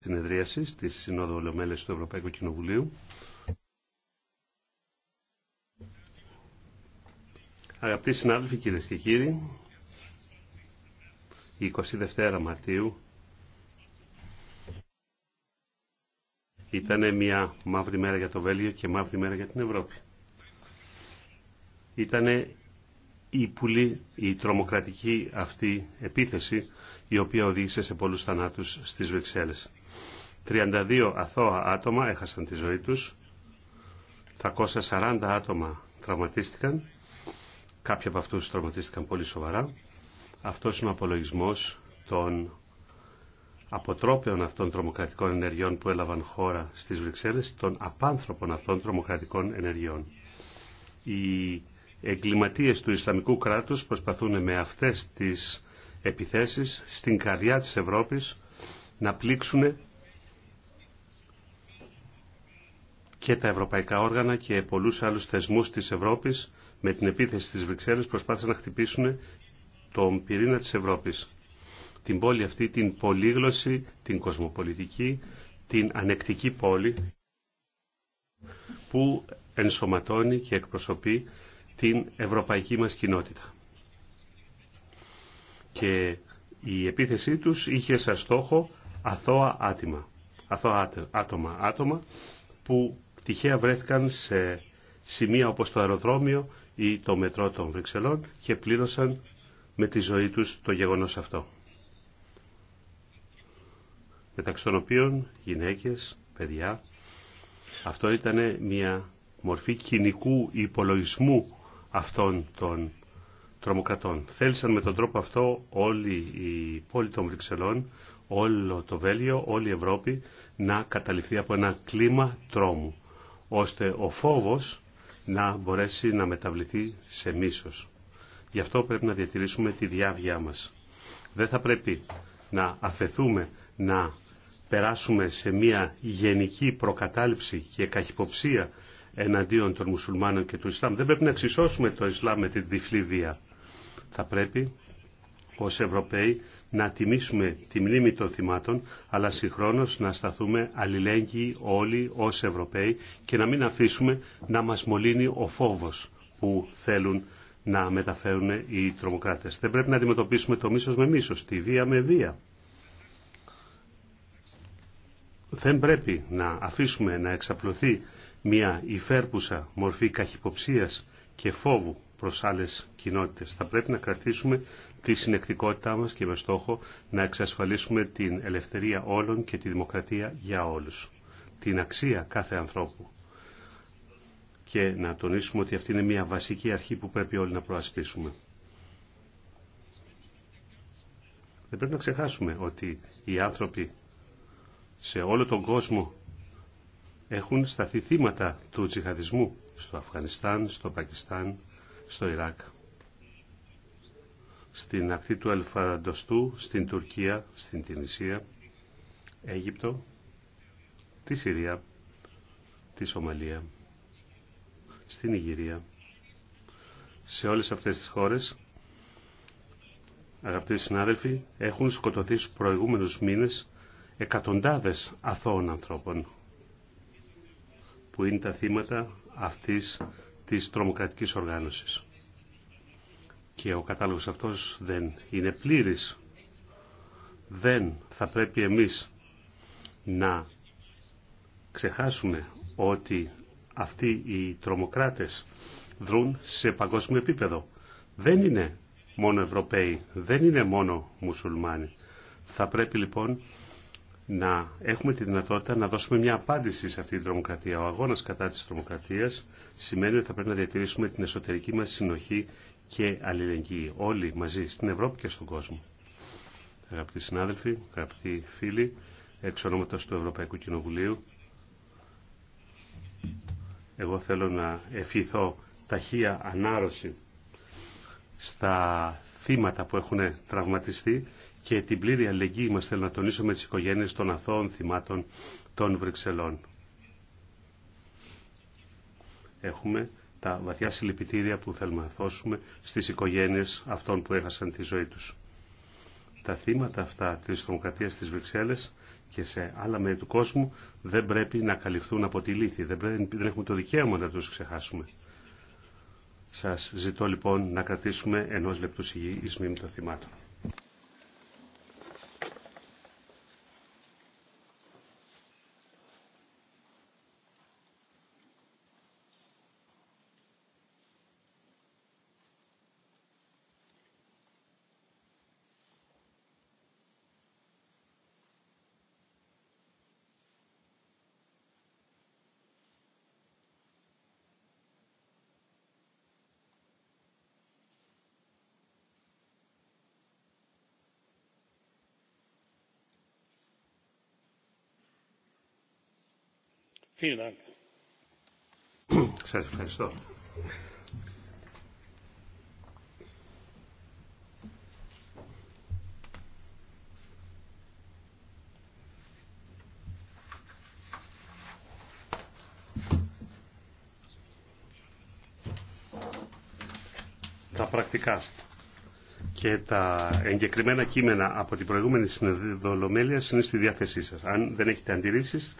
Συνεδρίαση της Συνόδου Ολομέλεια του Ευρωπαϊκού Κοινοβουλίου. Αγαπητοί συνάδελφοι, κυρίες και κύριοι, η 22 Μαρτίου ήταν μια μαύρη μέρα για το Βέλγιο και μαύρη μέρα για την Ευρώπη. Ήταν η η τρομοκρατική αυτή επίθεση η οποία οδήγησε σε πολλούς θανάτους στις Βρυξέλλες. 32 αθώα άτομα έχασαν τη ζωή τους, 340 άτομα τραυματίστηκαν, κάποιοι από αυτούς τραυματίστηκαν πολύ σοβαρά. Αυτός είναι ο απολογισμός των αποτρόπαιων αυτών τρομοκρατικών ενεργειών που έλαβαν χώρα στις Βρυξέλλες, των απάνθρωπων αυτών τρομοκρατικών ενεργειών. Οι εγκληματίες του Ισλαμικού κράτους προσπαθούν με αυτές τις επιθέσεις στην καρδιά της Ευρώπης να πλήξουν και τα ευρωπαϊκά όργανα και πολλούς άλλους θεσμούς της Ευρώπης με την επίθεση της Βρυξέλλες προσπάθησαν να χτυπήσουν τον πυρήνα της Ευρώπης. Την πόλη αυτή, την πολύγλωση, την κοσμοπολιτική, την ανεκτική πόλη που ενσωματώνει και εκπροσωπεί την ευρωπαϊκή μας κοινότητα. Και η επίθεσή τους είχε σαν στόχο αθώα άτομα, αθώα άτομα, άτομα που τυχαία βρέθηκαν σε σημεία όπως το αεροδρόμιο ή το μετρό των Βρυξελών και πλήρωσαν με τη ζωή τους το γεγονός αυτό. Μεταξύ των οποίων γυναίκες, παιδιά, αυτό ήταν μια μορφή κοινικού υπολογισμού αυτών των τρομοκρατών. Θέλησαν με τον τρόπο αυτό όλοι οι πόλη των Βρυξελών όλο το Βέλγιο, όλη η Ευρώπη να καταληφθεί από ένα κλίμα τρόμου, ώστε ο φόβος να μπορέσει να μεταβληθεί σε μίσος. Γι' αυτό πρέπει να διατηρήσουμε τη διάβγειά μας. Δεν θα πρέπει να αφαιθούμε να περάσουμε σε μια γενική προκατάληψη και καχυποψία εναντίον των μουσουλμάνων και του Ισλάμ. Δεν πρέπει να εξισώσουμε το Ισλάμ με την διφλή βία. Θα πρέπει ως Ευρωπαίοι να τιμήσουμε τη μνήμη των θυμάτων, αλλά συγχρόνως να σταθούμε αλληλέγγυοι όλοι ως Ευρωπαίοι και να μην αφήσουμε να μας μολύνει ο φόβος που θέλουν να μεταφέρουν οι τρομοκράτες. Δεν πρέπει να αντιμετωπίσουμε το μίσος με μίσος, τη βία με βία. Δεν πρέπει να αφήσουμε να εξαπλωθεί μια υφέρπουσα μορφή καχυποψίας και φόβου προς άλλες κοινότητες. Θα πρέπει να κρατήσουμε τη συνεκτικότητά μας και με στόχο να εξασφαλίσουμε την ελευθερία όλων και τη δημοκρατία για όλους. Την αξία κάθε ανθρώπου. Και να τονίσουμε ότι αυτή είναι μια βασική αρχή που πρέπει όλοι να προασπίσουμε. Δεν πρέπει να ξεχάσουμε ότι οι άνθρωποι σε όλο τον κόσμο έχουν σταθεί θύματα του τζιχαδισμού στο Αφγανιστάν, στο Πακιστάν, στο Ιράκ, στην ακτή του Ελφαντοστού, στην Τουρκία, στην Τινησία, Αίγυπτο, τη Συρία, τη Σομαλία, στην Ιγυρία, σε όλες αυτές τις χώρες, αγαπητοί συνάδελφοι, έχουν σκοτωθεί στους προηγούμενους μήνες εκατοντάδες αθώων ανθρώπων, που είναι τα θύματα αυτής της τρομοκρατικής οργάνωσης. Και ο κατάλογος αυτός δεν είναι πλήρης. Δεν θα πρέπει εμείς να ξεχάσουμε ότι αυτοί οι τρομοκράτες δρούν σε παγκόσμιο επίπεδο. Δεν είναι μόνο Ευρωπαίοι, δεν είναι μόνο Μουσουλμάνοι. Θα πρέπει λοιπόν να έχουμε τη δυνατότητα να δώσουμε μια απάντηση σε αυτή την τρομοκρατία. Ο αγώνας κατά της τρομοκρατία σημαίνει ότι θα πρέπει να διατηρήσουμε την εσωτερική μας συνοχή και αλληλεγγύη. Όλοι μαζί, στην Ευρώπη και στον κόσμο. Αγαπητοί συνάδελφοι, αγαπητοί φίλοι, εξ ονόματος του Ευρωπαϊκού Κοινοβουλίου, εγώ θέλω να ευχηθώ ταχεία ανάρρωση στα θύματα που έχουν τραυματιστεί και την πλήρη αλληλεγγύη μας θέλω να τονίσω με τις οικογένειες των αθώων θυμάτων των Βρυξελών. Έχουμε τα βαθιά συλληπιτήρια που θέλουμε να δώσουμε στις οικογένειες αυτών που έχασαν τη ζωή τους. Τα θύματα αυτά της τρομοκρατίας της Βρυξέλλες και σε άλλα μέρη του κόσμου δεν πρέπει να καλυφθούν από τη λύθη. Δεν, πρέπει, δεν έχουμε το δικαίωμα να τους ξεχάσουμε. Σας ζητώ λοιπόν να κρατήσουμε ενός λεπτού σιγή εις μνήμη των θυμάτων. Σας ευχαριστώ. Τα πρακτικά και τα εγκεκριμένα κείμενα από την προηγούμενη συνεδρία είναι στη διάθεσή σας. Αν δεν έχετε αντιρρήσεις,